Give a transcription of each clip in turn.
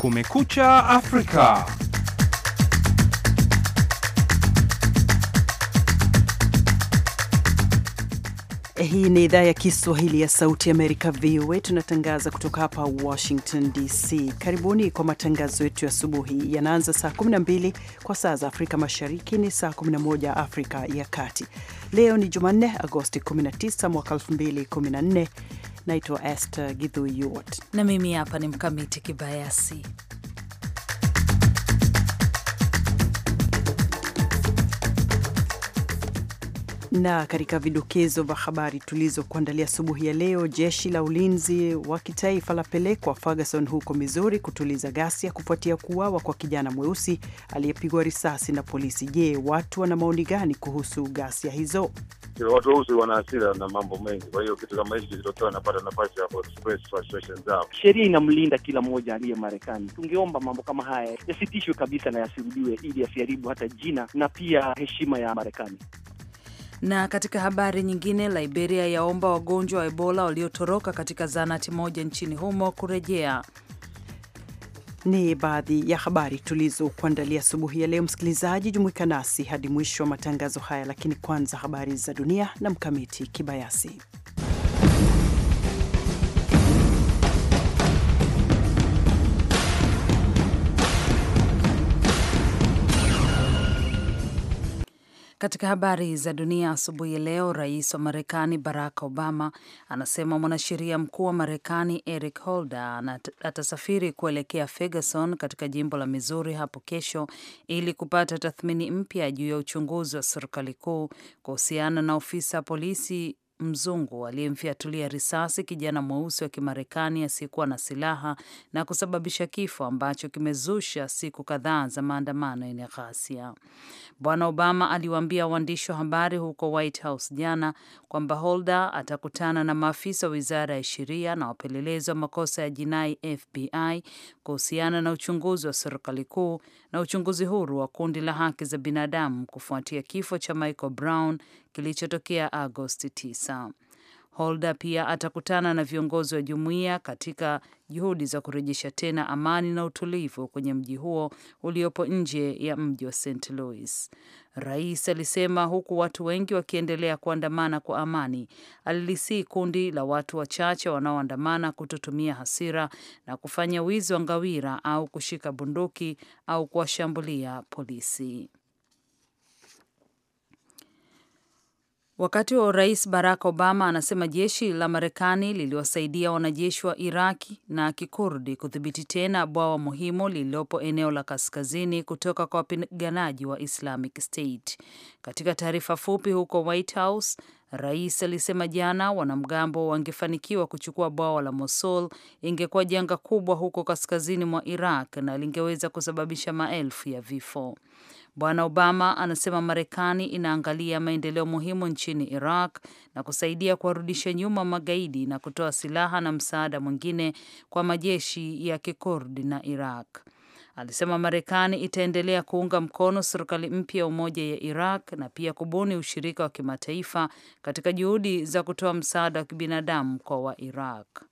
Kumekucha Afrika. Hii ni idhaa ya Kiswahili ya Sauti ya Amerika, VOA. Tunatangaza kutoka hapa Washington DC. Karibuni kwa matangazo yetu ya asubuhi, yanaanza saa 12 kwa saa za Afrika Mashariki, ni saa 11 Afrika ya Kati. Leo ni Jumanne, Agosti 19 mwaka 2014. Naitwa Esther Githui Yuot na mimi hapa ni Mkamiti Kibayasi. Na katika vidokezo vya habari tulizokuandalia asubuhi ya leo, jeshi la ulinzi wa kitaifa lapelekwa Ferguson huko Missouri kutuliza ghasia kufuatia kuuawa kwa kijana mweusi aliyepigwa risasi na polisi. Je, watu wana maoni gani kuhusu ghasia hizo? Watu weusi wana asira na mambo mengi, kwa hiyo kitu kama hichi kikitokea wanapata nafasi ya kuexpress frustration zao. Sheria inamlinda kila mmoja aliye Marekani. Tungeomba mambo kama haya yasitishwe kabisa na yasirudiwe, ili yasiharibu hata jina na pia heshima ya Marekani. Na katika habari nyingine, Liberia yaomba wagonjwa wa Ebola waliotoroka katika zahanati moja nchini humo kurejea. Ni baadhi ya habari tulizokuandalia asubuhi ya leo. Msikilizaji, jumuika nasi hadi mwisho wa matangazo haya, lakini kwanza habari za dunia na Mkamiti Kibayasi. Katika habari za dunia asubuhi ya leo, rais wa Marekani Barack Obama anasema mwanasheria mkuu wa Marekani Eric Holder atasafiri kuelekea Ferguson katika jimbo la Missouri hapo kesho ili kupata tathmini mpya juu ya uchunguzi wa serikali kuu kuhusiana na ofisa polisi mzungu aliyemfiatulia risasi kijana mweusi wa Kimarekani asiyekuwa na silaha na kusababisha kifo ambacho kimezusha siku kadhaa za maandamano yenye ghasia. Bwana Obama aliwaambia waandishi wa habari huko White House jana kwamba Holder atakutana na maafisa wa wizara ya sheria na wapelelezi wa makosa ya jinai FBI kuhusiana na uchunguzi wa serikali kuu na uchunguzi huru wa kundi la haki za binadamu kufuatia kifo cha Michael Brown kilichotokea Agosti 9. Holder pia atakutana na viongozi wa jumuiya katika juhudi za kurejesha tena amani na utulivu kwenye mji huo uliopo nje ya mji wa St. Louis. Rais alisema huku watu wengi wakiendelea kuandamana kwa amani, alilisii kundi la watu wachache wanaoandamana kutotumia hasira na kufanya wizi wa ngawira au kushika bunduki au kuwashambulia polisi. Wakati wa urais, Barack Obama anasema jeshi la Marekani liliwasaidia wanajeshi wa Iraki na Kikurdi kudhibiti tena bwawa muhimu lililopo eneo la kaskazini kutoka kwa wapiganaji wa Islamic State. Katika taarifa fupi huko White House, Rais alisema jana wanamgambo wangefanikiwa kuchukua bwawa la Mosul, ingekuwa janga kubwa huko kaskazini mwa Iraq na lingeweza kusababisha maelfu ya vifo. Bwana Obama anasema Marekani inaangalia maendeleo muhimu nchini Iraq na kusaidia kuwarudisha nyuma magaidi na kutoa silaha na msaada mwingine kwa majeshi ya kikurdi na Iraq. Alisema Marekani itaendelea kuunga mkono serikali mpya ya umoja ya Iraq na pia kubuni ushirika wa kimataifa katika juhudi za kutoa msaada wa kibinadamu kwa Wairaq.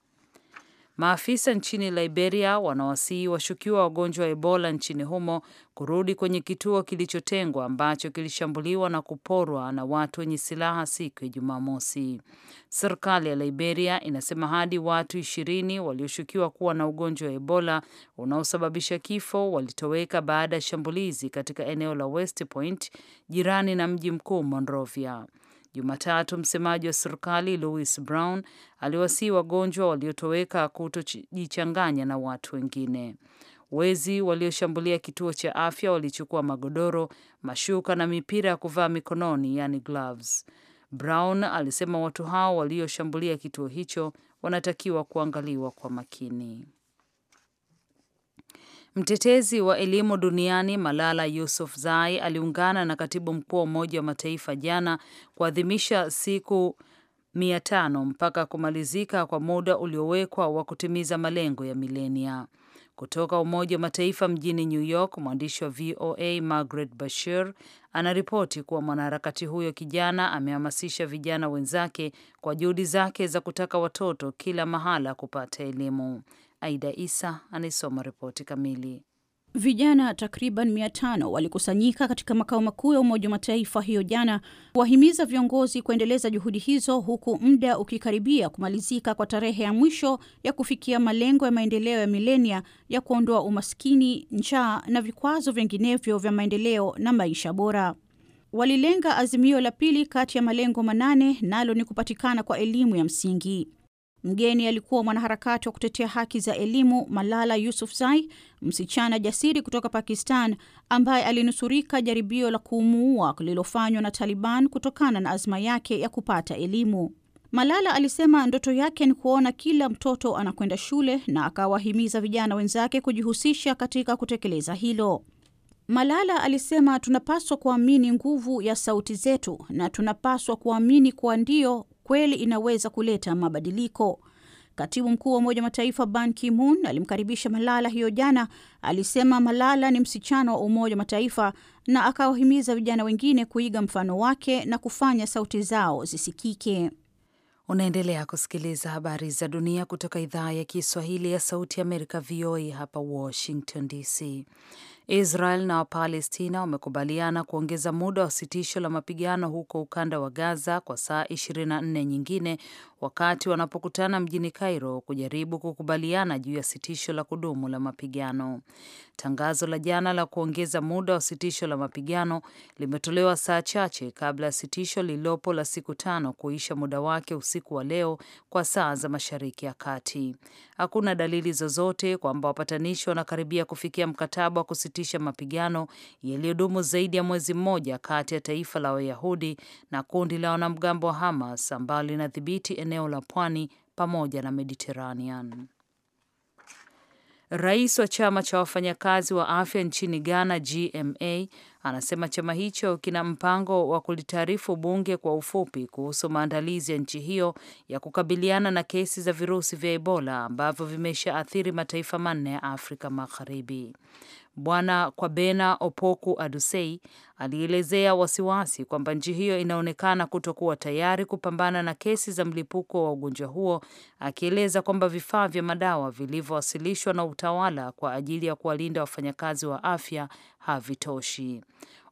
Maafisa nchini Liberia wanawasihi washukiwa wagonjwa wa Ebola nchini humo kurudi kwenye kituo kilichotengwa ambacho kilishambuliwa na kuporwa na watu wenye silaha siku ya Jumamosi. Serikali ya Liberia inasema hadi watu ishirini walioshukiwa kuwa na ugonjwa wa Ebola unaosababisha kifo walitoweka baada ya shambulizi katika eneo la West Point jirani na mji mkuu Monrovia. Jumatatu, msemaji wa serikali Louis Brown aliwasii wagonjwa waliotoweka kutojichanganya na watu wengine. Wezi walioshambulia kituo cha afya walichukua magodoro, mashuka na mipira ya kuvaa mikononi, yani gloves. Brown alisema watu hao walioshambulia kituo hicho wanatakiwa kuangaliwa kwa makini. Mtetezi wa elimu duniani Malala Yousafzai aliungana na katibu mkuu wa Umoja wa Mataifa jana kuadhimisha siku mia tano mpaka kumalizika kwa muda uliowekwa wa kutimiza malengo ya milenia. Kutoka Umoja wa Mataifa mjini New York, mwandishi wa VOA Margaret Bashir anaripoti kuwa mwanaharakati huyo kijana amehamasisha vijana wenzake kwa juhudi zake za kutaka watoto kila mahala kupata elimu. Aida Isa anaisoma ripoti kamili. Vijana takriban mia tano walikusanyika katika makao makuu ya Umoja wa Mataifa hiyo jana kuwahimiza viongozi kuendeleza juhudi hizo, huku muda ukikaribia kumalizika kwa tarehe ya mwisho ya kufikia malengo ya maendeleo ya milenia ya kuondoa umaskini, njaa na vikwazo vinginevyo vya maendeleo na maisha bora. Walilenga azimio la pili kati ya malengo manane, nalo ni kupatikana kwa elimu ya msingi. Mgeni alikuwa mwanaharakati wa kutetea haki za elimu Malala Yousafzai, msichana jasiri kutoka Pakistan ambaye alinusurika jaribio la kumuua lililofanywa na Taliban kutokana na azma yake ya kupata elimu. Malala alisema ndoto yake ni kuona kila mtoto anakwenda shule na akawahimiza vijana wenzake kujihusisha katika kutekeleza hilo. Malala alisema tunapaswa kuamini nguvu ya sauti zetu na tunapaswa kuamini kuwa ndio kweli inaweza kuleta mabadiliko. Katibu mkuu wa Umoja wa Mataifa Ban Ki-moon alimkaribisha Malala hiyo jana. Alisema Malala ni msichana wa Umoja wa Mataifa na akawahimiza vijana wengine kuiga mfano wake na kufanya sauti zao zisikike. Unaendelea kusikiliza habari za dunia kutoka idhaa ya Kiswahili ya Sauti ya Amerika, VOA hapa Washington DC. Israel na Wapalestina wamekubaliana kuongeza muda wa sitisho la mapigano huko ukanda wa Gaza kwa saa 24 nyingine, wakati wanapokutana mjini Cairo kujaribu kukubaliana juu ya sitisho la kudumu la mapigano. Tangazo la jana la kuongeza muda wa sitisho la mapigano limetolewa saa chache kabla ya sitisho lililopo la siku tano kuisha muda wake usiku wa leo kwa saa za Mashariki ya Kati. Hakuna dalili zozote kwamba wapatanishi wanakaribia kufikia mkataba wa kusitisha mapigano yaliyodumu zaidi ya mwezi mmoja kati ya taifa la Wayahudi na kundi la wanamgambo wa Hamas ambalo linadhibiti eneo la pwani pamoja na Mediteranean. Rais wa chama cha wafanyakazi wa afya nchini Ghana, GMA, anasema chama hicho kina mpango wa kulitaarifu bunge kwa ufupi kuhusu maandalizi ya nchi hiyo ya kukabiliana na kesi za virusi vya Ebola ambavyo vimeshaathiri mataifa manne ya Afrika Magharibi. Bwana Kwabena Opoku Adusei alielezea wasiwasi kwamba nchi hiyo inaonekana kutokuwa tayari kupambana na kesi za mlipuko wa ugonjwa huo, akieleza kwamba vifaa vya madawa vilivyowasilishwa na utawala kwa ajili ya kuwalinda wafanyakazi wa afya havitoshi.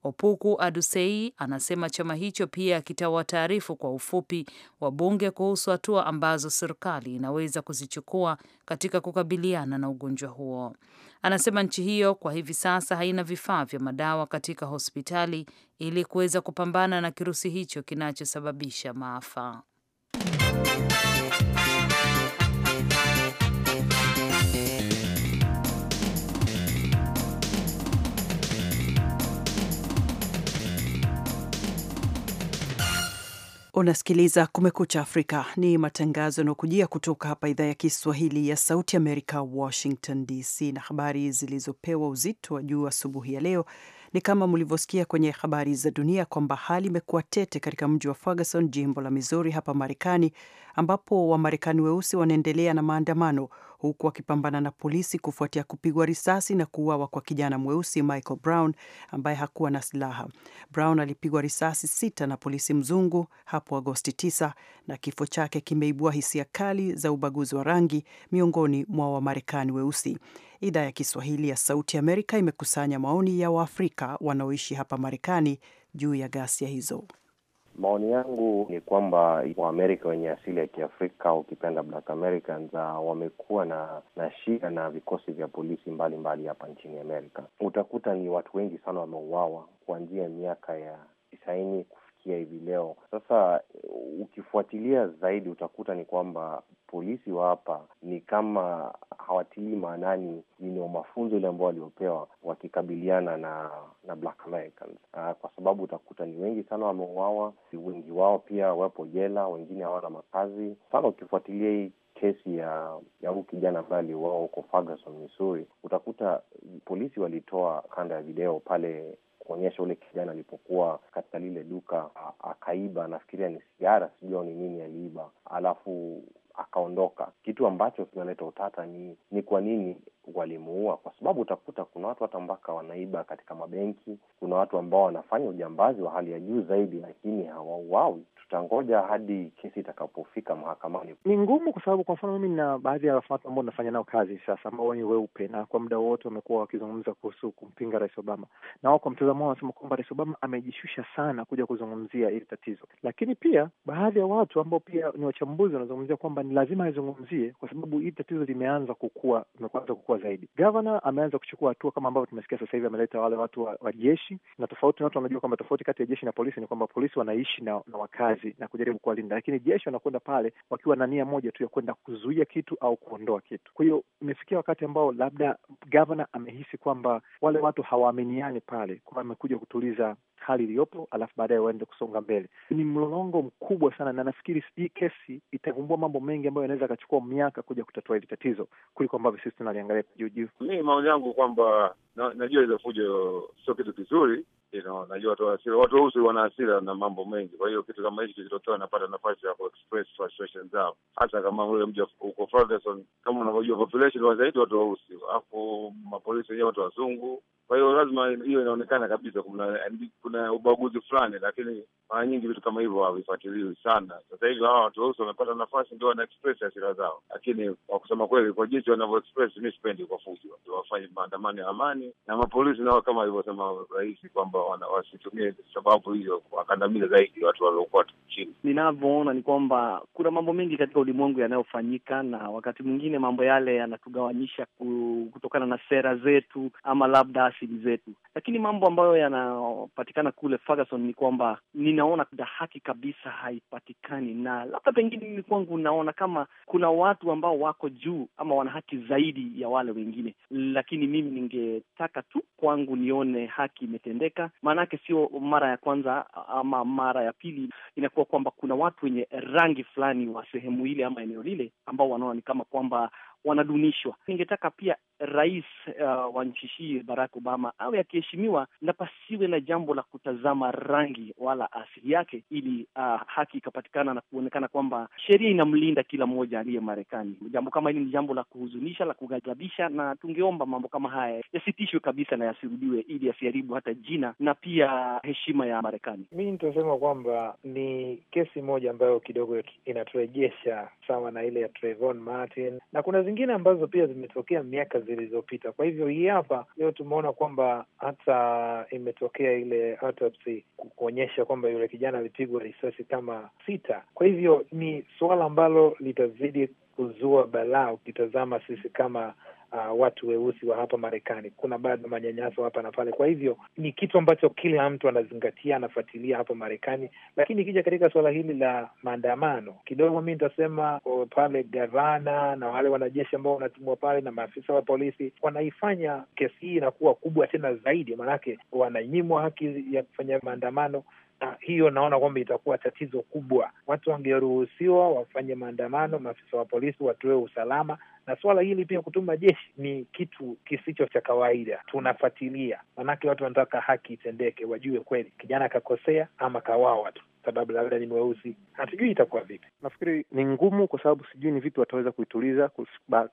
Opuku Adusei anasema chama hicho pia kitawataarifu kwa ufupi wa bunge kuhusu hatua ambazo serikali inaweza kuzichukua katika kukabiliana na ugonjwa huo. Anasema nchi hiyo kwa hivi sasa haina vifaa vya madawa katika hospitali ili kuweza kupambana na kirusi hicho kinachosababisha maafa. Unasikiliza Kumekucha Afrika, ni matangazo yanayokujia kutoka hapa idhaa ya Kiswahili ya Sauti Amerika, Washington DC. Na habari zilizopewa uzito wa juu asubuhi ya leo ni kama mlivyosikia kwenye habari za dunia kwamba hali imekuwa tete katika mji wa Ferguson, jimbo la Missouri hapa Marekani, ambapo Wamarekani weusi wanaendelea na maandamano huku wakipambana na polisi kufuatia kupigwa risasi na kuuawa kwa kijana mweusi Michael Brown ambaye hakuwa na silaha. Brown alipigwa risasi sita na polisi mzungu hapo Agosti 9 na kifo chake kimeibua hisia kali za ubaguzi wa rangi miongoni mwa Wamarekani weusi. Idhaa ya Kiswahili ya Sauti Amerika imekusanya maoni ya Waafrika wanaoishi hapa Marekani juu ya ghasia hizo. Maoni yangu ni kwamba Waamerika wenye asili ya Kiafrika, ukipenda black Americans, ah, wamekuwa na na shida na vikosi vya polisi mbalimbali hapa mbali nchini Amerika. Utakuta ni watu wengi sana wameuawa kuanzia miaka ya tisaini kufikia hivi leo. Sasa eh, ukifuatilia zaidi, utakuta ni kwamba polisi wa hapa ni kama hawatilii maanani ino mafunzo ile ambao waliopewa wakikabiliana na na Black Americans, ah, kwa sababu utakuta ni wengi sana wameuawa, wengi wao pia wapo jela, wengine hawana makazi sana. Ukifuatilia hii kesi ya ya huu kijana ambaye aliuawa huko Ferguson, Missouri, utakuta polisi walitoa kanda ya video pale kuonyesha ule kijana alipokuwa katika lile duka akaiba, nafikiria ni sigara, sijui ni nini aliiba, alafu akaondoka. Kitu ambacho kinaleta utata ni ni kwa nini walimuua, kwa sababu utakuta kuna watu hata mpaka wanaiba katika mabenki. Kuna watu ambao wanafanya ujambazi wa hali ya juu zaidi, lakini hawauawi tutangoja hadi kesi itakapofika mahakamani. Ni ngumu kwa sababu, kwa mfano, mimi na baadhi ya watu ambao nafanya nao kazi sasa, ambao ni weupe na kwa muda wote wamekuwa wakizungumza kuhusu kumpinga Rais Obama, na wao kwa mtazamo wao wanasema kwamba Rais Obama amejishusha sana kuja kuzungumzia hili tatizo, lakini pia baadhi ya watu ambao pia ni wachambuzi wanazungumzia kwamba ni lazima aizungumzie kwa sababu hili tatizo limeanza kukua, limekuanza kukua zaidi. Gavana ameanza kuchukua hatua kama ambavyo tumesikia sasa hivi, ameleta wale watu wa, wa jeshi, na tofauti na watu wanajua kwamba tofauti kati ya jeshi na polisi ni kwamba polisi wanaishi na, na wakazi kazi na kujaribu kuwalinda, lakini jeshi wanakwenda pale wakiwa na nia moja tu ya kwenda kuzuia kitu au kuondoa kitu. Kwa hiyo imefikia wakati ambao labda gavana amehisi kwamba wale watu hawaaminiani pale, kwa amekuja kutuliza hali iliyopo, alafu baadaye waende kusonga mbele. Ni mlolongo mkubwa sana, na nafikiri hii kesi itavumbua mambo mengi ambayo yanaweza akachukua miaka kuja kutatua hili tatizo kuliko ambavyo sisi tunaliangalia juujuu juu. Mi maoni yangu kwamba najua hizo fujo sio kitu kizuri you know, najua watu wa watu weusi wana hasira na mambo mengi. Kwa hiyo kitu kama hichi kikitokea, napata nafasi ya kuexpress frustration zao, hata kama ule mji uko Ferguson, kama unavyojua population wa zaidi watu weusi, alafu mapolisi wenyewe watu wazungu kwa hiyo lazima hiyo inaonekana kabisa, kuna kuna ubaguzi fulani, lakini mara nyingi vitu kama hivyo havifuatiliwi sana. Sasa hivi hawa watu weusi wamepata nafasi, ndio wana express hasira zao, lakini kwa kusema kweli, kwa jinsi wanavyo express, mi sipendi kwa fujo. Wafanye maandamano ya amani, na mapolisi nao kama alivyosema rais kwamba wasitumie sababu hiyo wakandamiza zaidi watu waliokuwa chini. Ninavyoona ni kwamba kuna mambo mengi katika ulimwengu yanayofanyika, na wakati mwingine mambo yale yanatugawanyisha kutokana na sera zetu ama labda asili zetu, lakini mambo ambayo yanapatikana kule Ferguson ni kwamba naona kuda haki kabisa haipatikani, na labda pengine mimi kwangu naona kama kuna watu ambao wako juu ama wana haki zaidi ya wale wengine, lakini mimi ningetaka tu kwangu nione haki imetendeka. Maanake sio mara ya kwanza ama mara ya pili, inakuwa kwamba kuna watu wenye rangi fulani wa sehemu ile ama eneo lile ambao wanaona ni kama kwamba wanadunishwa. Ningetaka pia rais uh, wa nchi hii Barack Obama awe akiheshimiwa na pasiwe na jambo la kutazama rangi wala asili yake, ili uh, haki ikapatikana na kuonekana kwamba sheria inamlinda kila mmoja aliye Marekani. Jambo kama hili ni jambo la kuhuzunisha, la kugadhabisha, na tungeomba mambo kama haya yasitishwe kabisa na yasirudiwe, ili yasiharibu hata jina na pia heshima ya Marekani. mii nitasema kwamba ni kesi moja ambayo kidogo inaturejesha sawa na ile ya Trayvon Martin na kuna zingine ambazo pia zimetokea miaka zilizopita. Kwa hivyo hii hapa leo tumeona kwamba hata imetokea ile autopsy kuonyesha kwamba yule kijana alipigwa risasi kama sita. Kwa hivyo ni suala ambalo litazidi kuzua balaa ukitazama sisi kama uh, watu weusi wa hapa Marekani. Kuna bado manyanyaso hapa na pale, kwa hivyo ni kitu ambacho kila mtu anazingatia, anafuatilia hapa Marekani. Lakini ikija katika suala hili la maandamano, kidogo mi nitasema pale gavana na wale wanajeshi ambao wanatumwa pale na maafisa wa polisi wanaifanya kesi hii inakuwa kubwa tena zaidi, maanake wananyimwa haki ya kufanya maandamano na hiyo naona kwamba itakuwa tatizo kubwa. Watu wangeruhusiwa wafanye maandamano, maafisa wa polisi watoe usalama, na swala hili pia kutuma jeshi ni kitu kisicho cha kawaida. Tunafuatilia, manake watu wanataka haki itendeke, wajue kweli kijana akakosea ama kawawa tu sababu labda ni mweusi, hatujui itakuwa vipi. Nafikiri ni ngumu, kwa sababu sijui ni vipi wataweza kuituliza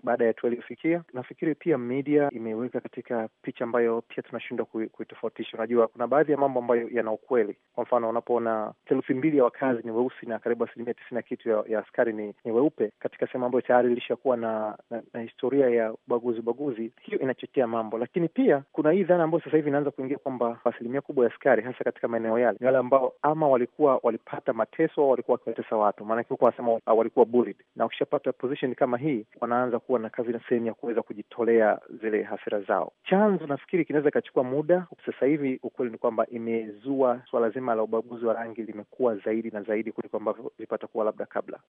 baada ya hatua aliyofikia. Nafikiri pia media imeweka katika picha ambayo pia tunashindwa kuitofautisha. Unajua, kuna baadhi ya mambo ambayo yana ukweli. Kwa mfano, unapoona theluthi mbili ya wakazi ni weusi na karibu asilimia tisini na kitu ya, ya askari ni, ni weupe katika sehemu ambayo tayari ilishakuwa na na, na historia ya ubaguzi ubaguzi, hiyo inachochea mambo. Lakini pia kuna hii dhana ambayo sasa hivi inaanza kuingia kwamba asilimia kubwa ya askari hasa katika maeneo yale ni wale ambao ama walikuwa walipata mateso au walikuwa wakiwatesa watu, maanake huko wanasema ah, walikuwa bullied, na ukishapata position kama hii wanaanza kuwa na kazi na sehemu ya kuweza kujitolea zile hasira zao. Chanzo nafikiri kinaweza ikachukua muda. Sasa hivi ukweli ni kwamba imezua suala zima la ubaguzi wa rangi limekuwa zaidi na zaidi kuliko ambavyo ilipata kuwa labda kabla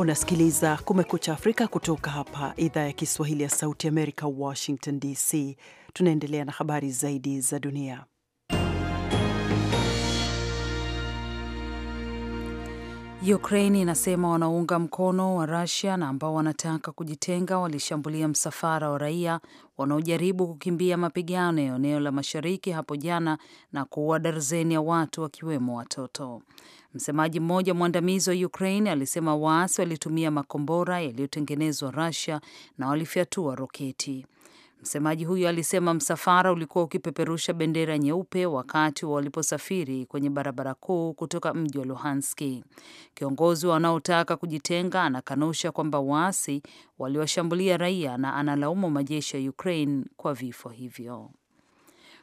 Unasikiliza Kumekucha Afrika kutoka hapa idhaa ya Kiswahili ya Sauti Amerika, Washington DC. Tunaendelea na habari zaidi za dunia. Ukraini inasema wanaunga mkono wa rasia na ambao wanataka kujitenga walishambulia msafara wa raia wanaojaribu kukimbia mapigano ya eneo la mashariki hapo jana na kuua darzeni ya watu wakiwemo watoto. Msemaji mmoja mwandamizi wa Ukraine alisema waasi walitumia makombora yaliyotengenezwa rasia na walifyatua roketi. Msemaji huyo alisema msafara ulikuwa ukipeperusha bendera nyeupe wakati waliposafiri kwenye barabara kuu kutoka mji wa Luhanski. Kiongozi wanaotaka kujitenga anakanusha kwamba waasi waliwashambulia raia na analaumu majeshi ya Ukraine kwa vifo hivyo.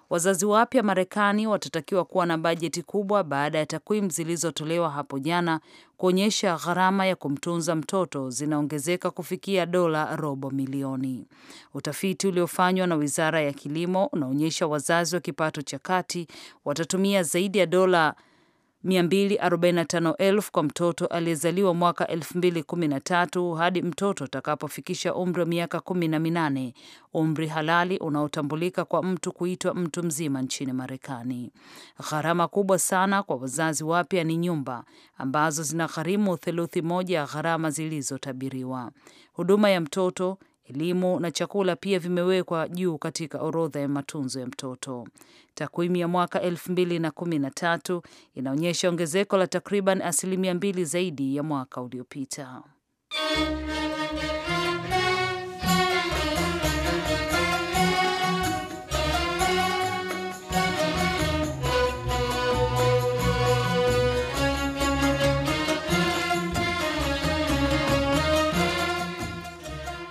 Wazazi wapya Marekani watatakiwa kuwa na bajeti kubwa baada ya takwimu zilizotolewa hapo jana kuonyesha gharama ya kumtunza mtoto zinaongezeka kufikia dola robo milioni. Utafiti uliofanywa na Wizara ya Kilimo unaonyesha wazazi wa kipato cha kati watatumia zaidi ya dola 245,000 kwa mtoto aliyezaliwa mwaka 2013 hadi mtoto atakapofikisha umri wa miaka kumi na minane, umri halali unaotambulika kwa mtu kuitwa mtu mzima nchini Marekani. Gharama kubwa sana kwa wazazi wapya ni nyumba ambazo zinagharimu theluthi moja ya gharama zilizotabiriwa. Huduma ya mtoto Elimu na chakula pia vimewekwa juu katika orodha ya matunzo ya mtoto. Takwimu ya mwaka 213 inaonyesha ongezeko la takriban asilimia mbili zaidi ya mwaka uliopita.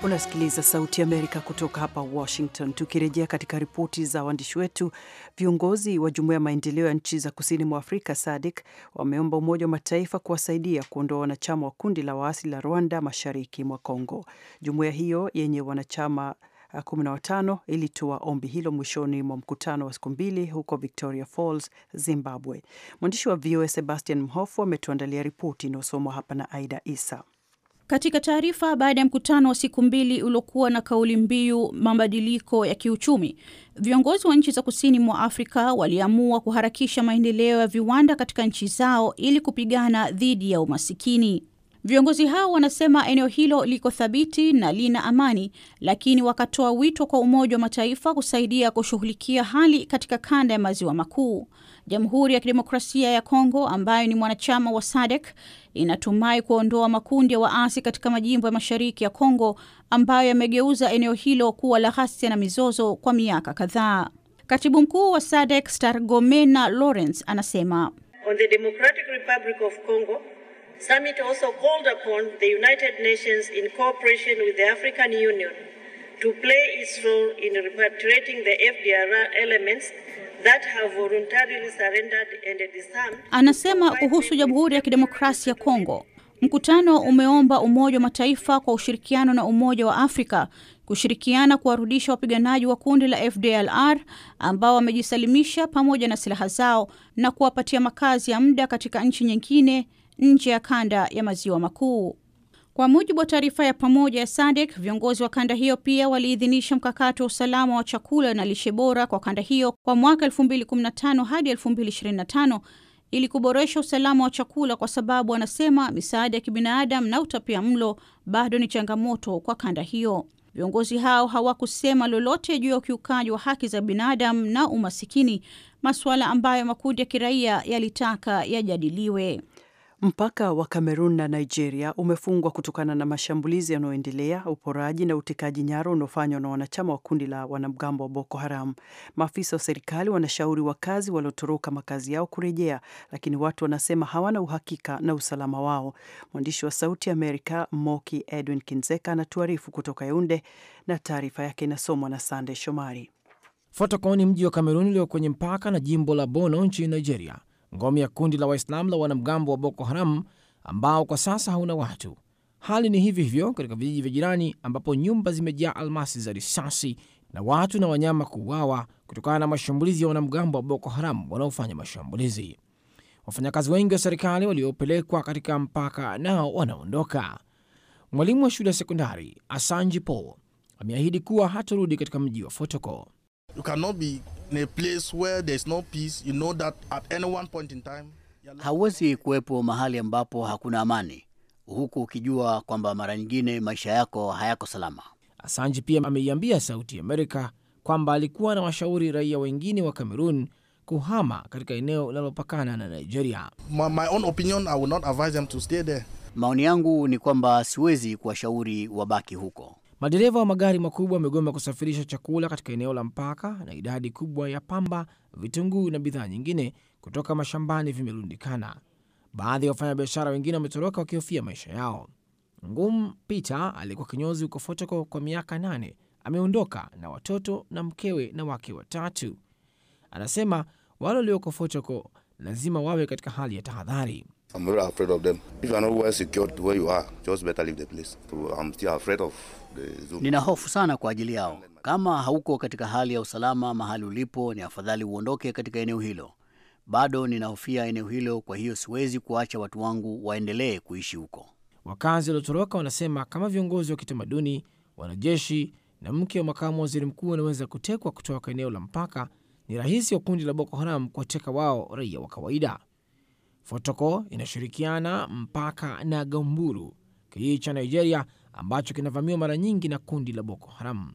Unasikiliza Sauti Amerika kutoka hapa Washington. Tukirejea katika ripoti za waandishi wetu, viongozi wa Jumuiya ya Maendeleo ya Nchi za Kusini mwa Afrika SADC wameomba Umoja wa Mataifa kuwasaidia kuondoa wanachama wa kundi la waasi la Rwanda mashariki mwa congo Jumuiya hiyo yenye wanachama 15 uh, ilitoa ombi hilo mwishoni mwa mkutano wa siku mbili huko Victoria Falls, Zimbabwe. Mwandishi wa VOA Sebastian Mhofu ametuandalia ripoti inayosomwa hapa na Aida Isa. Katika taarifa baada ya mkutano wa siku mbili uliokuwa na kauli mbiu mabadiliko ya kiuchumi, viongozi wa nchi za kusini mwa Afrika waliamua kuharakisha maendeleo ya viwanda katika nchi zao ili kupigana dhidi ya umasikini. Viongozi hao wanasema eneo hilo liko thabiti na lina amani, lakini wakatoa wito kwa Umoja wa Mataifa kusaidia kushughulikia hali katika kanda ya maziwa makuu. Jamhuri ya Kidemokrasia ya Kongo ambayo ni mwanachama wa SADC inatumai kuondoa makundi ya waasi katika majimbo ya mashariki ya Kongo ambayo yamegeuza eneo hilo kuwa la ghasia na mizozo kwa miaka kadhaa. Katibu mkuu wa SADC Stargomena Lawrence anasema On the Democratic Republic of Congo summit also called upon the United Nations in cooperation with the African Union to play its role in repatriating the FDR elements that have voluntarily surrendered and disarmed. Anasema kuhusu Jamhuri ya Kidemokrasia ya Kongo, mkutano umeomba Umoja wa Mataifa kwa ushirikiano na Umoja wa Afrika kushirikiana kuwarudisha wapiganaji wa kundi la FDLR ambao wamejisalimisha pamoja na silaha zao na kuwapatia makazi ya muda katika nchi nyingine nje ya kanda ya maziwa makuu. Kwa mujibu wa taarifa ya pamoja ya SADC, viongozi wa kanda hiyo pia waliidhinisha mkakati wa usalama wa chakula na lishe bora kwa kanda hiyo kwa mwaka 2015 hadi 2025 ili kuboresha usalama wa chakula, kwa sababu wanasema misaada ya kibinadamu na utapia mlo bado ni changamoto kwa kanda hiyo. Viongozi hao hawakusema lolote juu ya ukiukaji wa haki za binadamu na umasikini, masuala ambayo makundi ya kiraia yalitaka yajadiliwe. Mpaka wa Kamerun na Nigeria umefungwa kutokana na mashambulizi yanayoendelea, uporaji na utekaji nyara unaofanywa na wanachama wa kundi la wanamgambo wa Boko Haram. Maafisa wa serikali wanashauri wakazi waliotoroka makazi yao kurejea, lakini watu wanasema hawana uhakika na usalama wao. Mwandishi wa Sauti Amerika Moki Edwin Kinzeka anatuarifu kutoka Yaunde na taarifa yake inasomwa na Sande Shomari. Fotokoni, ni mji wa Kamerun ulio kwenye mpaka na jimbo la Bono nchini Nigeria ngome ya kundi la Waislamu la wanamgambo wa Boko Haram ambao kwa sasa hauna watu. Hali ni hivi hivyo katika vijiji vya jirani ambapo nyumba zimejaa almasi za risasi na watu na wanyama kuuawa kutokana na mashambulizi ya wanamgambo wa Boko Haram wanaofanya mashambulizi. Wafanyakazi wengi wa serikali waliopelekwa katika mpaka nao wanaondoka. Mwalimu wa shule ya sekondari Asanji Paul ameahidi kuwa hatarudi katika mji wa Fotoko. In a place where no peace, you know that at any one point in time. Hauwezi kuwepo mahali ambapo hakuna amani huku ukijua kwamba mara nyingine maisha yako hayako salama. Asanji pia ameiambia Sauti Amerika kwamba alikuwa na washauri raia wengine wa Kamerun kuhama katika eneo linalopakana na Nigeria. My, my own opinion, I will not advise them to stay there. Maoni yangu ni kwamba siwezi kuwashauri wabaki huko. Madereva wa magari makubwa wamegoma kusafirisha chakula katika eneo la mpaka, na idadi kubwa ya pamba, vitunguu na bidhaa nyingine kutoka mashambani vimerundikana. Baadhi ya wafanyabiashara wengine wametoroka wakihofia maisha yao. Ngum Peter alikuwa kinyozi huko Fotoko kwa miaka nane, ameondoka na watoto na mkewe na wake watatu. Anasema wale walioko Fotoko lazima wawe katika hali ya tahadhari. I'm very afraid of them. If you are not well secured where you are, just better leave the place. I'm still afraid of the zoo. Nina hofu sana kwa ajili yao. Kama hauko katika hali ya usalama mahali ulipo, ni afadhali uondoke katika eneo hilo. Bado ninahofia eneo hilo, kwa hiyo siwezi kuacha watu wangu waendelee kuishi huko. Wakazi waliotoroka wanasema kama viongozi wa kitamaduni, wanajeshi na mke wa makamu wa waziri mkuu wanaweza kutekwa kutoka eneo la mpaka, ni rahisi wa kundi la Boko Haram kuwateka wao raia wa kawaida. Fotoko inashirikiana mpaka na gamburu kijiji cha Nigeria ambacho kinavamiwa mara nyingi na kundi la Boko Haram.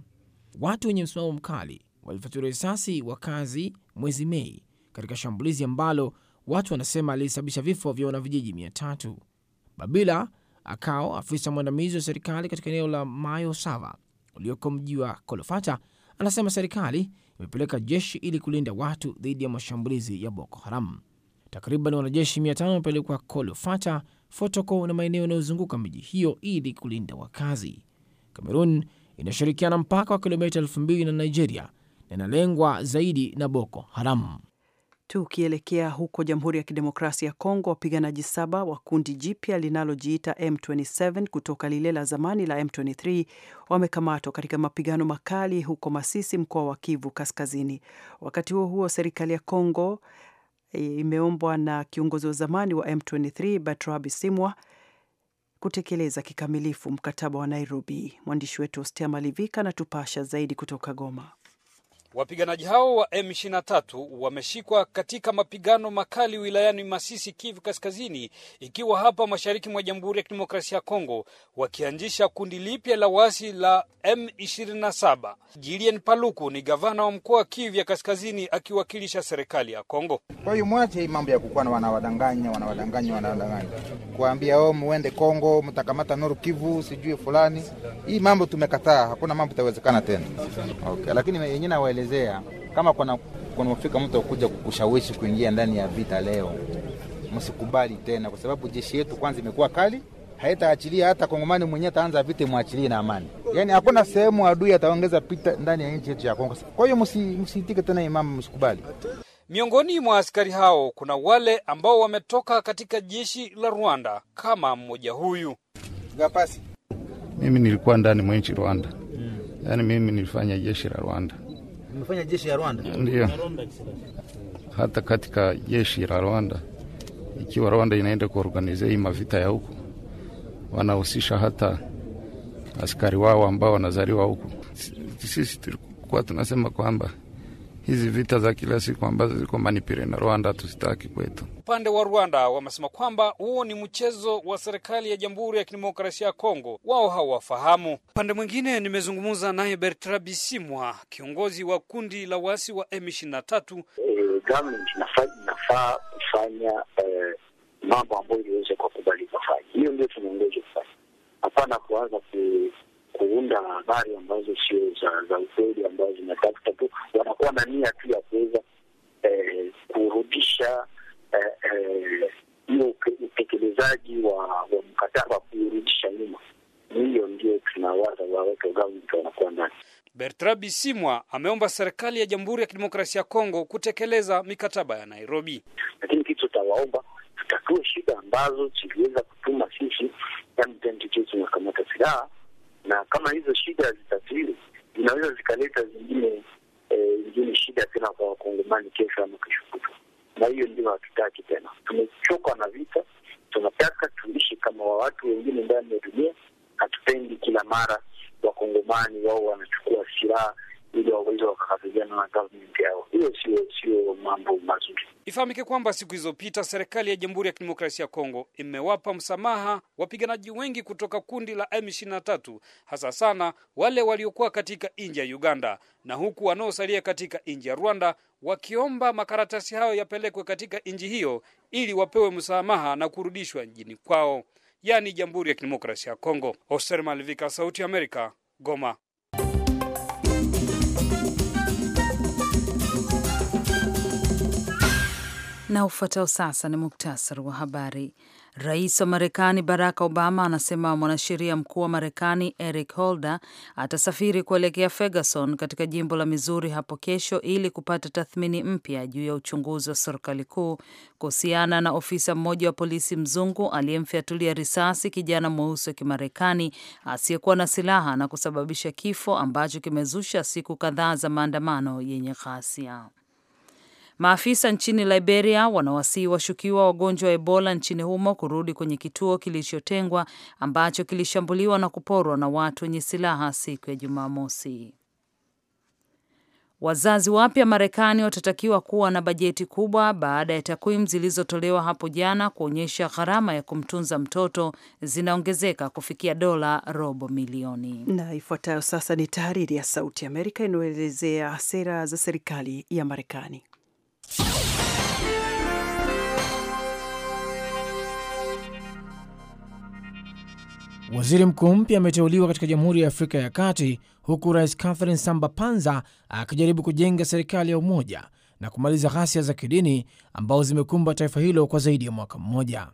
Watu wenye msimamo mkali walifyatua risasi wakazi mwezi Mei katika shambulizi ambalo watu wanasema lilisababisha vifo vya wanavijiji mia tatu. Babila Akao, afisa mwandamizi wa serikali katika eneo la Mayo Sava ulioko mji wa Kolofata, anasema serikali imepeleka jeshi ili kulinda watu dhidi ya mashambulizi ya Boko Haram. Takriban wanajeshi mia tano wamepelekwa Kolofata, Fotoko na maeneo yanayozunguka miji hiyo ili kulinda wakazi. Kamerun inashirikiana mpaka wa kilomita elfu mbili na Nigeria na inalengwa zaidi na Boko Haram. Tukielekea huko Jamhuri ya Kidemokrasia ya Kongo, wapiganaji saba wa kundi jipya linalojiita M27 kutoka lile la zamani la M23 wamekamatwa katika mapigano makali huko Masisi, mkoa wa Kivu Kaskazini. Wakati huo huo, serikali ya Kongo imeombwa na kiongozi wa zamani wa M23 Batrabi Simwa kutekeleza kikamilifu mkataba wa Nairobi. Mwandishi wetu Ostea Malivika anatupasha zaidi kutoka Goma. Wapiganaji hao wa M23 wameshikwa katika mapigano makali wilayani Masisi, Kivu Kaskazini, ikiwa hapa mashariki mwa Jamhuri ya Kidemokrasia ya Kongo, wakianzisha kundi lipya la wasi la M27. Julien Paluku ni gavana wa mkoa wa Kivu ya Kaskazini akiwakilisha serikali ya Kongo. Kwa hiyo mwache hii mambo ya na wanawadanganya wanawadanganya wanawadanganya, kuambia o oh, muende Kongo mtakamata Noru Kivu sijui fulani. Hii mambo tumekataa, hakuna mambo itawezekana tena, okay. lakini yenyewe kuelezea. Kama kuna kunafika mtu akuja kukushawishi kuingia ndani ya vita leo, msikubali tena, kwa sababu jeshi yetu kwanza imekuwa kali, haitaachilia hata kongomani mwenyewe ataanza vita mwachilie na amani. Yani hakuna sehemu adui ataongeza pita ndani ya nchi yetu ya Kongo. Kwa hiyo msiitike tena imamu, msikubali. Miongoni mwa askari hao kuna wale ambao wametoka katika jeshi la Rwanda kama mmoja huyu Gapasi. Mimi nilikuwa ndani mwa nchi Rwanda, yaani mimi nilifanya jeshi la Rwanda mmefanya jeshi ya Rwanda? Ndio, hata katika jeshi la Rwanda, ikiwa Rwanda inaenda kuorganize hii mavita ya huku, wanahusisha hata askari wao ambao wanazaliwa huku. Sisi tulikuwa tunasema kwamba hizi vita za kila siku ambazo ziko Manipire na Rwanda tusitaki kwetu. Upande wa Rwanda wamesema kwamba huo ni mchezo wa serikali ya Jamhuri ya Kidemokrasia ya Kongo, wao hawafahamu. Upande mwingine, nimezungumza naye Bertrand Bisimwa, kiongozi wa kundi la waasi wa M23. Eh, government inafaa kufanya eh, mambo ambayo iliweza kukubalika kufanya, hiyo ndio tunaongeza kufanya, hapana kuanza ku kuunda habari ambazo sio za, za ukweli ambazo zinatafuta tu, wanakuwa na nia tu ya kuweza eh, kurudisha hiyo eh, eh, utekelezaji wa, wa mkataba kuurudisha nyuma. Hiyo ndio tunawaza waweke ugavi wanakuwa ndani. Bertrand Bisimwa ameomba serikali ya Jamhuri ya Kidemokrasia ya Kongo kutekeleza mikataba ya Nairobi, lakini kitu tutawaomba tutatue shida ambazo ziliweza kutuma sisi kamata silaha kama hizo shida hazitatiri, zinaweza zikaleta zingine eh, zingine shida tena kwa wakongomani kesho ama kesho kutwa, na hiyo ndio hatutaki tena. Tumechoka na vita, tunataka tuishi kama wa watu wengine ndani ya dunia. Hatupendi kila mara wakongomani wao wanachukua silaha ili waweze wakakabiliana na government yao. Hiyo sio sio mambo mazuri. Ifahamike kwamba siku zilizopita serikali ya Jamhuri ya Kidemokrasia ya Kongo imewapa msamaha wapiganaji wengi kutoka kundi la M23 hasa sana wale waliokuwa katika nji ya Uganda, na huku wanaosalia katika nji ya Rwanda wakiomba makaratasi hayo yapelekwe katika nchi hiyo ili wapewe msamaha na kurudishwa nchini kwao, yaani Jamhuri ya Kidemokrasia ya Kongo. Oser Malivika, Sauti ya Amerika, Goma. Na ufuatao sasa ni muktasari wa habari. Rais wa Marekani Barack Obama anasema mwanasheria mkuu wa Marekani Eric Holder atasafiri kuelekea Ferguson katika jimbo la Mizuri hapo kesho ili kupata tathmini mpya juu ya uchunguzi wa serikali kuu kuhusiana na ofisa mmoja wa polisi mzungu aliyemfyatulia risasi kijana mweusi wa Kimarekani asiyekuwa na silaha na kusababisha kifo ambacho kimezusha siku kadhaa za maandamano yenye ghasia. Maafisa nchini Liberia wanawasihi washukiwa wagonjwa wa Ebola nchini humo kurudi kwenye kituo kilichotengwa ambacho kilishambuliwa na kuporwa na watu wenye silaha siku ya Jumamosi. Wazazi wapya Marekani watatakiwa kuwa na bajeti kubwa baada ya takwimu zilizotolewa hapo jana kuonyesha gharama ya kumtunza mtoto zinaongezeka kufikia dola robo milioni. Na ifuatayo sasa ni tahariri ya Sauti ya Amerika inayoelezea sera za serikali ya Marekani. Waziri mkuu mpya ameteuliwa katika Jamhuri ya Afrika ya Kati, huku Rais Catherine Samba Panza akijaribu kujenga serikali ya umoja na kumaliza ghasia za kidini ambazo zimekumba taifa hilo kwa zaidi ya mwaka mmoja.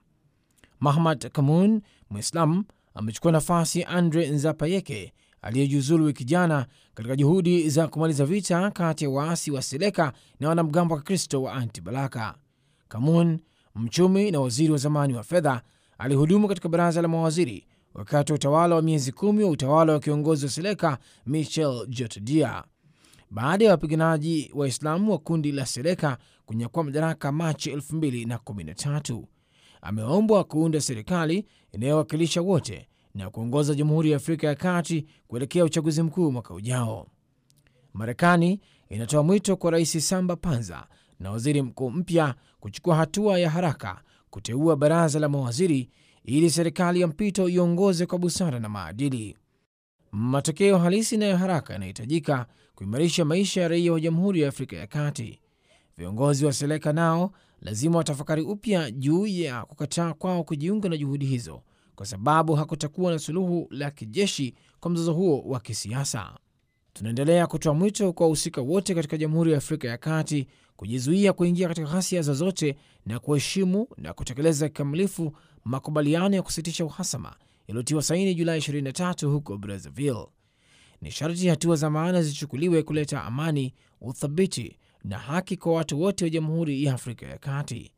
Mahmad Kamun, Mwislamu, amechukua nafasi ya Andre Nzapayeke aliyejiuzulu wiki jana katika juhudi za kumaliza vita kati ya waasi wa Seleka na wanamgambo wa Kikristo wa Antibalaka. Kamun, mchumi na waziri wa zamani wa fedha, alihudumu katika baraza la mawaziri wakati wa utawala wa miezi kumi wa utawala wa kiongozi wa Seleka Michel Jotodia. Baada ya wapiganaji Waislamu wa kundi la Seleka kunyakua madaraka Machi 2013, ameombwa kuunda serikali inayowakilisha wote na kuongoza Jamhuri ya Afrika ya Kati kuelekea uchaguzi mkuu mwaka ujao. Marekani inatoa mwito kwa Rais Samba Panza na waziri mkuu mpya kuchukua hatua ya haraka kuteua baraza la mawaziri ili serikali ya mpito iongoze kwa busara na maadili. Matokeo halisi na ya haraka yanahitajika kuimarisha maisha ya raia wa Jamhuri ya Afrika ya Kati. Viongozi wa Seleka nao lazima watafakari upya juu ya kukataa kwao kujiunga na juhudi hizo kwa sababu hakutakuwa na suluhu la kijeshi kwa mzozo huo wa kisiasa. Tunaendelea kutoa mwito kwa wahusika wote katika Jamhuri ya Afrika ya Kati kujizuia kuingia katika ghasia zozote na kuheshimu na kutekeleza kikamilifu makubaliano ya kusitisha uhasama yaliyotiwa saini Julai 23 huko Brazzaville. Ni sharti hatua za maana zichukuliwe kuleta amani, uthabiti na haki kwa watu wote wa Jamhuri ya Afrika ya Kati.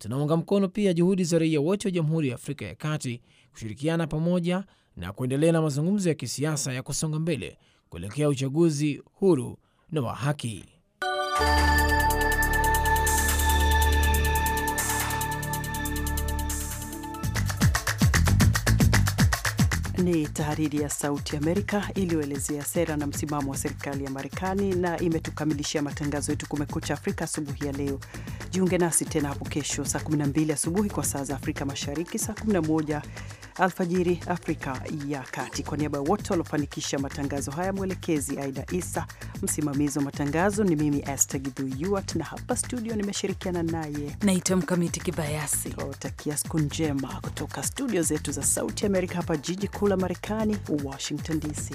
Tunaunga mkono pia juhudi za raia wote wa Jamhuri ya Afrika ya Kati kushirikiana pamoja na kuendelea na mazungumzo ya kisiasa ya kusonga mbele kuelekea uchaguzi huru na wa haki. ni tahariri ya Sauti Amerika iliyoelezea sera na msimamo wa serikali ya Marekani, na imetukamilishia matangazo yetu Kumekucha Afrika asubuhi ya leo. Jiunge nasi tena hapo kesho saa 12 asubuhi kwa saa za Afrika Mashariki, saa 11 alfajiri Afrika ya Kati. Kwa niaba ya wote waliofanikisha matangazo haya, mwelekezi Aida Isa, msimamizi wa matangazo ni mimi Astagidhuat, na hapa studio nimeshirikiana naye naitwa Mkamiti Kibayasi. Tutakia siku njema kutoka studio zetu za Sauti Amerika hapa jiji kuu la Marekani, Washington DC.